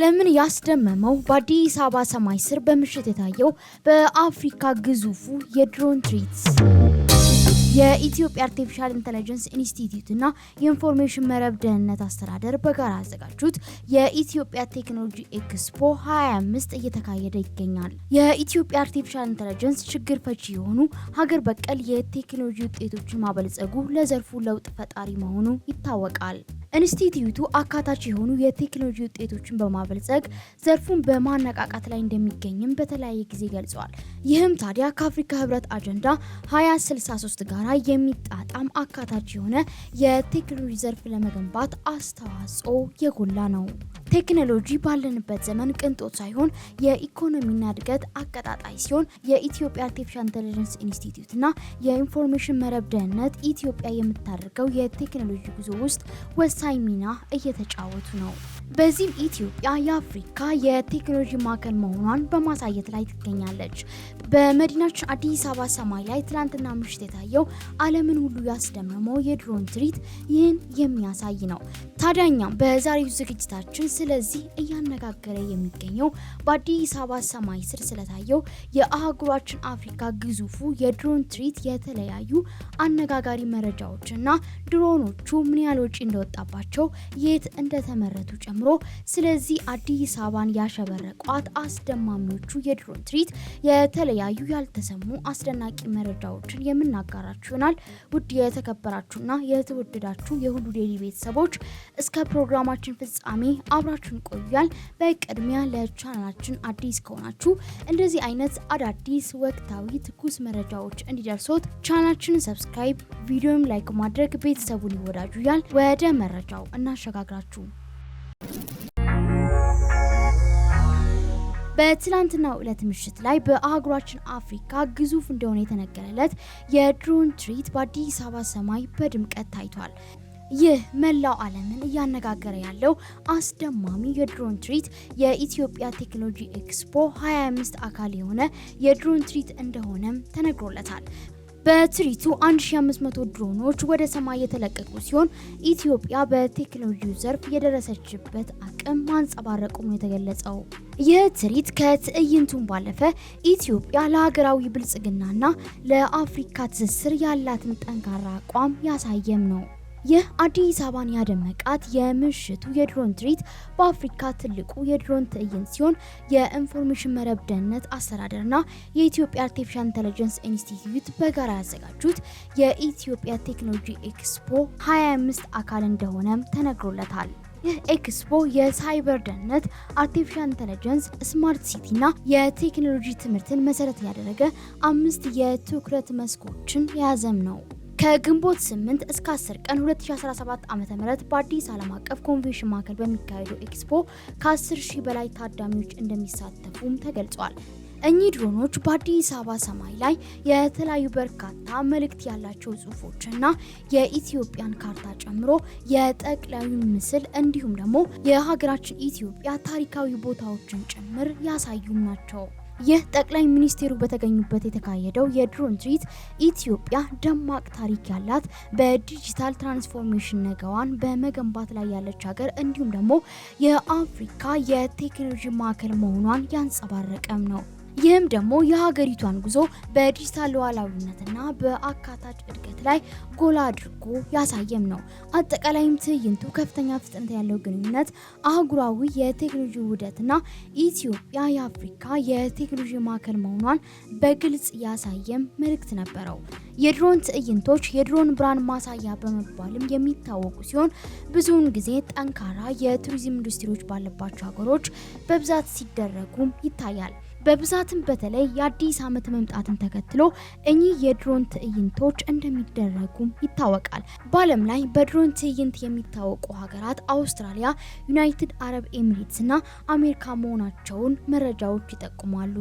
ለምን ያስደመመው በአዲስ አበባ ሰማይ ስር በምሽት የታየው በአፍሪካ ግዙፉ የድሮን ትርኢት የኢትዮጵያ አርቲፊሻል ኢንተለጀንስ ኢንስቲትዩት እና የኢንፎርሜሽን መረብ ደህንነት አስተዳደር በጋራ ያዘጋጁት የኢትዮጵያ ቴክኖሎጂ ኤክስፖ 25 እየተካሄደ ይገኛል። የኢትዮጵያ አርቲፊሻል ኢንተለጀንስ ችግር ፈቺ የሆኑ ሀገር በቀል የቴክኖሎጂ ውጤቶችን ማበልጸጉ ለዘርፉ ለውጥ ፈጣሪ መሆኑ ይታወቃል። ኢንስቲትዩቱ አካታች የሆኑ የቴክኖሎጂ ውጤቶችን በማበልጸግ ዘርፉን በማነቃቃት ላይ እንደሚገኝም በተለያየ ጊዜ ገልጸዋል። ይህም ታዲያ ከአፍሪካ ህብረት አጀንዳ 2063 ጋር የሚጣጣም አካታች የሆነ የቴክኖሎጂ ዘርፍ ለመገንባት አስተዋጽኦ የጎላ ነው። ቴክኖሎጂ ባለንበት ዘመን ቅንጦት ሳይሆን የኢኮኖሚና እድገት አቀጣጣይ ሲሆን የኢትዮጵያ አርቲፊሻል ኢንተለጀንስ ኢንስቲትዩትና የኢንፎርሜሽን መረብ ደህንነት ኢትዮጵያ የምታደርገው የቴክኖሎጂ ጉዞ ውስጥ ወሳኝ ሚና እየተጫወቱ ነው። በዚህም ኢትዮጵያ የአፍሪካ የቴክኖሎጂ ማዕከል መሆኗን በማሳየት ላይ ትገኛለች። በመዲናችን አዲስ አበባ ሰማይ ላይ ትላንትና ምሽት የታየው ዓለምን ሁሉ ያስደመመው የድሮን ትርኢት ይህን የሚያሳይ ነው። ታዲያኛ በዛሬው ዝግጅታችን ስለዚህ እያነጋገረ የሚገኘው በአዲስ አበባ ሰማይ ስር ስለታየው የአህጉራችን አፍሪካ ግዙፉ የድሮን ትርኢት የተለያዩ አነጋጋሪ መረጃዎችና ድሮኖቹ ምን ያህል ወጪ እንደወጣባቸው፣ የት እንደተመረቱ ጨምሮ ጨምሮ ስለዚህ አዲስ አበባን ያሸበረቋት አስደማሚዎቹ የድሮን ትርኢት የተለያዩ ያልተሰሙ አስደናቂ መረጃዎችን የምናጋራችሁ ይሆናል። ውድ የተከበራችሁና የተወደዳችሁ የሁሉ ዴይሊ ቤተሰቦች እስከ ፕሮግራማችን ፍጻሜ አብራችሁን ቆያል። በቅድሚያ ለቻናላችን አዲስ ከሆናችሁ እንደዚህ አይነት አዳዲስ ወቅታዊ ትኩስ መረጃዎች እንዲደርሶት ቻናላችንን ሰብስክራይብ፣ ቪዲዮም ላይክ ማድረግ ቤተሰቡን ይወዳጁያል ወደ መረጃው እናሸጋግራችሁ። በትላንትናው ዕለት ምሽት ላይ በአህጉራችን አፍሪካ ግዙፍ እንደሆነ የተነገረለት የድሮን ትርኢት በአዲስ አበባ ሰማይ በድምቀት ታይቷል። ይህ መላው ዓለምን እያነጋገረ ያለው አስደማሚ የድሮን ትርኢት የኢትዮጵያ ቴክኖሎጂ ኤክስፖ 25 አካል የሆነ የድሮን ትርኢት እንደሆነም ተነግሮለታል። በትርኢቱ 1500 ድሮኖች ወደ ሰማይ የተለቀቁ ሲሆን ኢትዮጵያ በቴክኖሎጂው ዘርፍ የደረሰችበት አቅም ማንጸባረቁ ነው የተገለጸው። ይህ ትርኢት ከትዕይንቱን ባለፈ ኢትዮጵያ ለሀገራዊ ብልጽግናና ለአፍሪካ ትስስር ያላትን ጠንካራ አቋም ያሳየም ነው። ይህ አዲስ አበባን ያደመቃት የምሽቱ የድሮን ትርኢት በአፍሪካ ትልቁ የድሮን ትዕይንት ሲሆን የኢንፎርሜሽን መረብ ደህንነት አስተዳደርና የኢትዮጵያ አርቲፊሻል ኢንተለጀንስ ኢንስቲትዩት በጋራ ያዘጋጁት የኢትዮጵያ ቴክኖሎጂ ኤክስፖ 25 አካል እንደሆነም ተነግሮለታል። ይህ ኤክስፖ የሳይበር ደህንነት፣ አርቲፊሻል ኢንተለጀንስ፣ ስማርት ሲቲ እና የቴክኖሎጂ ትምህርትን መሰረት ያደረገ አምስት የትኩረት መስኮችን የያዘም ነው። ከግንቦት 8 እስከ 10 ቀን 2017 ዓ.ም በአዲስ ዓለም አቀፍ ኮንቬንሽን ማዕከል በሚካሄደው ኤክስፖ ከ10 ሺህ በላይ ታዳሚዎች እንደሚሳተፉም ተገልጿል። እኚህ ድሮኖች በአዲስ አበባ ሰማይ ላይ የተለያዩ በርካታ መልእክት ያላቸው ጽሁፎችና የኢትዮጵያን ካርታ ጨምሮ የጠቅላዩን ምስል እንዲሁም ደግሞ የሀገራችን ኢትዮጵያ ታሪካዊ ቦታዎችን ጭምር ያሳዩም ናቸው። ይህ ጠቅላይ ሚኒስቴሩ በተገኙበት የተካሄደው የድሮን ትርኢት ኢትዮጵያ ደማቅ ታሪክ ያላት በዲጂታል ትራንስፎርሜሽን ነገዋን በመገንባት ላይ ያለች ሀገር እንዲሁም ደግሞ የአፍሪካ የቴክኖሎጂ ማዕከል መሆኗን ያንጸባረቀም ነው። ይህም ደግሞ የሀገሪቷን ጉዞ በዲጂታል ሉዓላዊነትና በአካታች እድገት ላይ ጎላ አድርጎ ያሳየም ነው። አጠቃላይም ትዕይንቱ ከፍተኛ ፍጥነት ያለው ግንኙነት፣ አህጉራዊ የቴክኖሎጂ ውህደትና ኢትዮጵያ የአፍሪካ የቴክኖሎጂ ማዕከል መሆኗን በግልጽ ያሳየም መልእክት ነበረው። የድሮን ትዕይንቶች የድሮን ብርሃን ማሳያ በመባልም የሚታወቁ ሲሆን ብዙውን ጊዜ ጠንካራ የቱሪዝም ኢንዱስትሪዎች ባለባቸው ሀገሮች በብዛት ሲደረጉም ይታያል። በብዛትም በተለይ የአዲስ ዓመት መምጣትን ተከትሎ እኚህ የድሮን ትዕይንቶች እንደሚደረጉም ይታወቃል። በዓለም ላይ በድሮን ትዕይንት የሚታወቁ ሀገራት አውስትራሊያ፣ ዩናይትድ አረብ ኤሚሬትስ እና አሜሪካ መሆናቸውን መረጃዎች ይጠቁማሉ።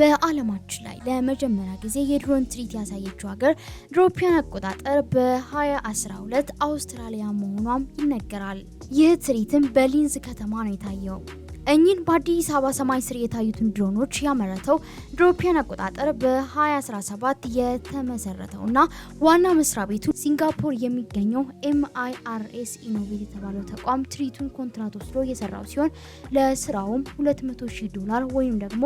በዓለማችን ላይ ለመጀመሪያ ጊዜ የድሮን ትርኢት ያሳየችው ሀገር ድሮፒያን አቆጣጠር በ2012 አውስትራሊያ መሆኗም ይነገራል። ይህ ትርኢትም በሊንዝ ከተማ ነው የታየው። እኚህን በአዲስ አበባ ሰማይ ስር የታዩትን ድሮኖች ያመረተው ድሮፒያን አቆጣጠር በ2017 የተመሰረተውና ዋና መስሪያ ቤቱ ሲንጋፖር የሚገኘው ኤምአይአርኤስ ኢኖቬት የተባለው ተቋም ትርኢቱን ኮንትራት ወስዶ የሰራው ሲሆን ለስራውም 200,000 ዶላር ወይም ደግሞ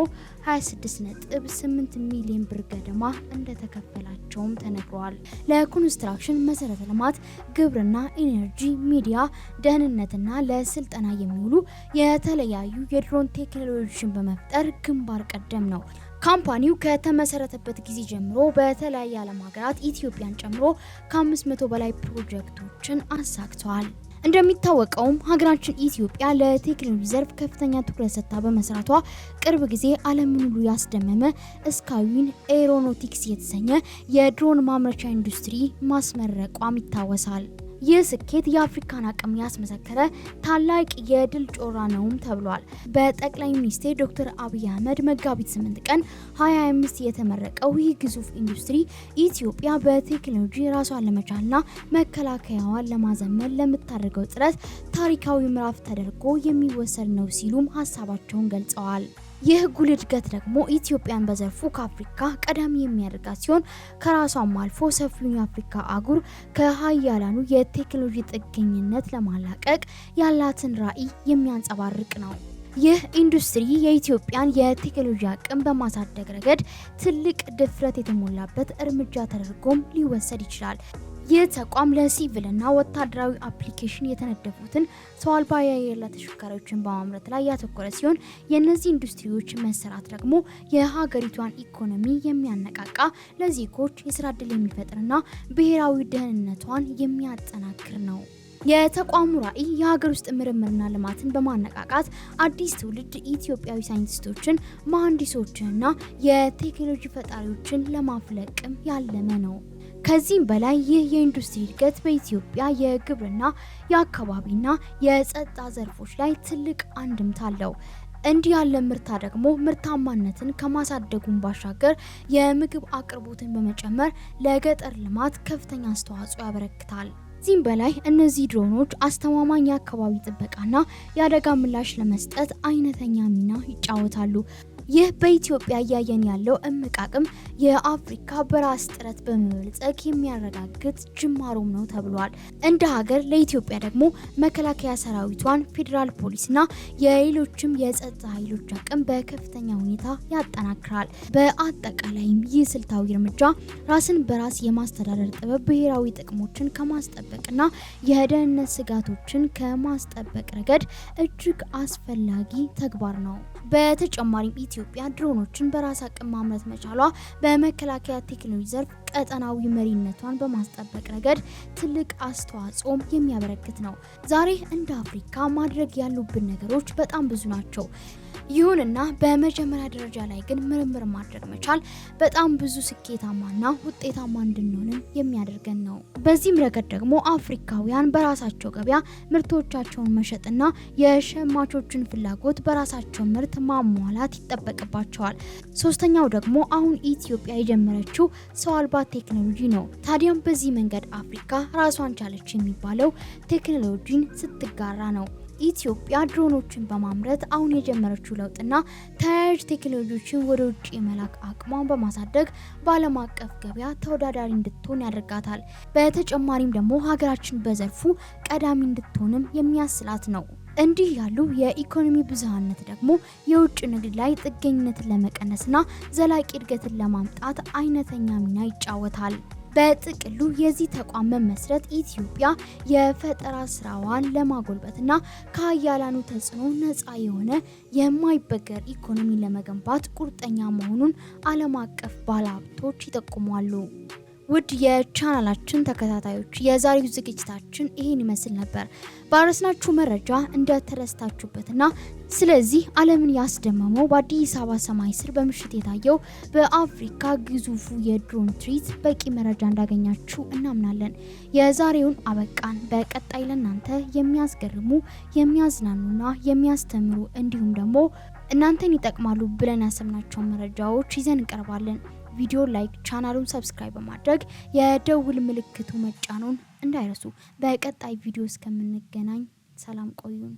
26.8 ሚሊዮን ብር ገደማ እንደተከፈላቸውም ተነግረዋል። ለኮንስትራክሽን፣ መሰረተ ልማት፣ ግብርና፣ ኢነርጂ፣ ሚዲያ፣ ደህንነትና ለስልጠና የሚውሉ የተለያዩ የተለያዩ የድሮን ቴክኖሎጂዎችን በመፍጠር ግንባር ቀደም ነው። ካምፓኒው ከተመሰረተበት ጊዜ ጀምሮ በተለያየ ዓለም ሀገራት ኢትዮጵያን ጨምሮ ከ500 በላይ ፕሮጀክቶችን አሳክተዋል። እንደሚታወቀውም ሀገራችን ኢትዮጵያ ለቴክኖሎጂ ዘርፍ ከፍተኛ ትኩረት ሰጥታ በመስራቷ ቅርብ ጊዜ ዓለምን ሁሉ ያስደመመ እስካዊን ኤሮኖቲክስ የተሰኘ የድሮን ማምረቻ ኢንዱስትሪ ማስመረቋም ይታወሳል። ይህ ስኬት የአፍሪካን አቅም ያስመሰከረ ታላቅ የድል ጮራ ነውም ተብሏል። በጠቅላይ ሚኒስትር ዶክተር አብይ አህመድ መጋቢት 8 ቀን 25 የተመረቀው ይህ ግዙፍ ኢንዱስትሪ ኢትዮጵያ በቴክኖሎጂ ራሷን ለመቻልና መከላከያዋን ለማዘመን ለምታደርገው ጥረት ታሪካዊ ምዕራፍ ተደርጎ የሚወሰድ ነው ሲሉም ሀሳባቸውን ገልጸዋል። የህጉል እድገት ደግሞ ኢትዮጵያን በዘርፉ ከአፍሪካ ቀዳሚ የሚያደርጋት ሲሆን ከራሷም አልፎ ሰፊውን የአፍሪካ አጉር ከሀያላኑ የቴክኖሎጂ ጥገኝነት ለማላቀቅ ያላትን ራዕይ የሚያንጸባርቅ ነው። ይህ ኢንዱስትሪ የኢትዮጵያን የቴክኖሎጂ አቅም በማሳደግ ረገድ ትልቅ ድፍረት የተሞላበት እርምጃ ተደርጎም ሊወሰድ ይችላል። ይህ ተቋም ለሲቪልና ወታደራዊ አፕሊኬሽን የተነደፉትን ሰው አልባ የአየር ላይ ተሽከርካሪዎችን በማምረት ላይ ያተኮረ ሲሆን የእነዚህ ኢንዱስትሪዎች መሰራት ደግሞ የሀገሪቷን ኢኮኖሚ የሚያነቃቃ ለዜጎች የስራ እድል የሚፈጥርና ብሔራዊ ደህንነቷን የሚያጠናክር ነው። የተቋሙ ራዕይ የሀገር ውስጥ ምርምርና ልማትን በማነቃቃት አዲስ ትውልድ ኢትዮጵያዊ ሳይንቲስቶችን፣ መሐንዲሶችንና የቴክኖሎጂ ፈጣሪዎችን ለማፍለቅም ያለመ ነው። ከዚህም በላይ ይህ የኢንዱስትሪ እድገት በኢትዮጵያ የግብርና የአካባቢና የጸጥታ ዘርፎች ላይ ትልቅ አንድምታ አለው። እንዲህ ያለ ምርታ ደግሞ ምርታማነትን ከማሳደጉን ባሻገር የምግብ አቅርቦትን በመጨመር ለገጠር ልማት ከፍተኛ አስተዋጽኦ ያበረክታል። ከዚህም በላይ እነዚህ ድሮኖች አስተማማኝ የአካባቢ ጥበቃና የአደጋ ምላሽ ለመስጠት አይነተኛ ሚና ይጫወታሉ። ይህ በኢትዮጵያ እያየን ያለው እምቅ አቅም የአፍሪካ በራስ ጥረት በመበልጸግ የሚያረጋግጥ ጅማሮም ነው ተብሏል። እንደ ሀገር ለኢትዮጵያ ደግሞ መከላከያ ሰራዊቷን፣ ፌዴራል ፖሊስና የሌሎችም የጸጥታ ኃይሎች አቅም በከፍተኛ ሁኔታ ያጠናክራል። በአጠቃላይም ይህ ስልታዊ እርምጃ ራስን በራስ የማስተዳደር ጥበብ ብሔራዊ ጥቅሞችን ከማስጠበቅና የደህንነት ስጋቶችን ከማስጠበቅ ረገድ እጅግ አስፈላጊ ተግባር ነው። በተጨማሪም ኢትዮጵያ ድሮኖችን በራስ አቅም ማምረት መቻሏ በመከላከያ ቴክኖሎጂ ዘርፍ ቀጠናዊ መሪነቷን በማስጠበቅ ረገድ ትልቅ አስተዋጽኦም የሚያበረክት ነው። ዛሬ እንደ አፍሪካ ማድረግ ያሉብን ነገሮች በጣም ብዙ ናቸው። ይሁንና በመጀመሪያ ደረጃ ላይ ግን ምርምር ማድረግ መቻል በጣም ብዙ ስኬታማና ውጤታማ እንድንሆንም የሚያደርገን ነው። በዚህም ረገድ ደግሞ አፍሪካውያን በራሳቸው ገበያ ምርቶቻቸውን መሸጥና የሸማቾችን ፍላጎት በራሳቸው ምርት ማሟላት ይጠበቅባቸዋል። ሶስተኛው ደግሞ አሁን ኢትዮጵያ የጀመረችው ሰው አልባ ቴክኖሎጂ ነው። ታዲያም በዚህ መንገድ አፍሪካ ራሷን ቻለች የሚባለው ቴክኖሎጂን ስትጋራ ነው። ኢትዮጵያ ድሮኖችን በማምረት አሁን የጀመረችው ለውጥና ተያያዥ ቴክኖሎጂዎችን ወደ ውጭ የመላክ አቅሟን በማሳደግ በዓለም አቀፍ ገበያ ተወዳዳሪ እንድትሆን ያደርጋታል። በተጨማሪም ደግሞ ሀገራችን በዘርፉ ቀዳሚ እንድትሆንም የሚያስላት ነው። እንዲህ ያሉ የኢኮኖሚ ብዝሃነት ደግሞ የውጭ ንግድ ላይ ጥገኝነትን ለመቀነስና ዘላቂ እድገትን ለማምጣት አይነተኛ ሚና ይጫወታል። በጥቅሉ የዚህ ተቋም መመስረት ኢትዮጵያ የፈጠራ ስራዋን ለማጎልበትና ከአያላኑ ተጽዕኖ ነፃ የሆነ የማይበገር ኢኮኖሚን ለመገንባት ቁርጠኛ መሆኑን ዓለም አቀፍ ባለሀብቶች ይጠቁማሉ። ውድ የቻናላችን ተከታታዮች የዛሬው ዝግጅታችን ይህን ይመስል ነበር። ባረስናችሁ መረጃ እንደተረስታችሁበትና ስለዚህ ዓለምን ያስደመመው በአዲስ አበባ ሰማይ ስር በምሽት የታየው በአፍሪካ ግዙፉ የድሮን ትርኢት በቂ መረጃ እንዳገኛችሁ እናምናለን። የዛሬውን አበቃን። በቀጣይ ለእናንተ የሚያስገርሙ የሚያዝናኑና የሚያስተምሩ እንዲሁም ደግሞ እናንተን ይጠቅማሉ ብለን ያሰብናቸውን መረጃዎች ይዘን እንቀርባለን። ቪዲዮ ላይክ፣ ቻናሉን ሰብስክራይብ በማድረግ የደውል ምልክቱ መጫኑን እንዳይረሱ። በቀጣይ ቪዲዮ እስከምንገናኝ ሰላም ቆዩን።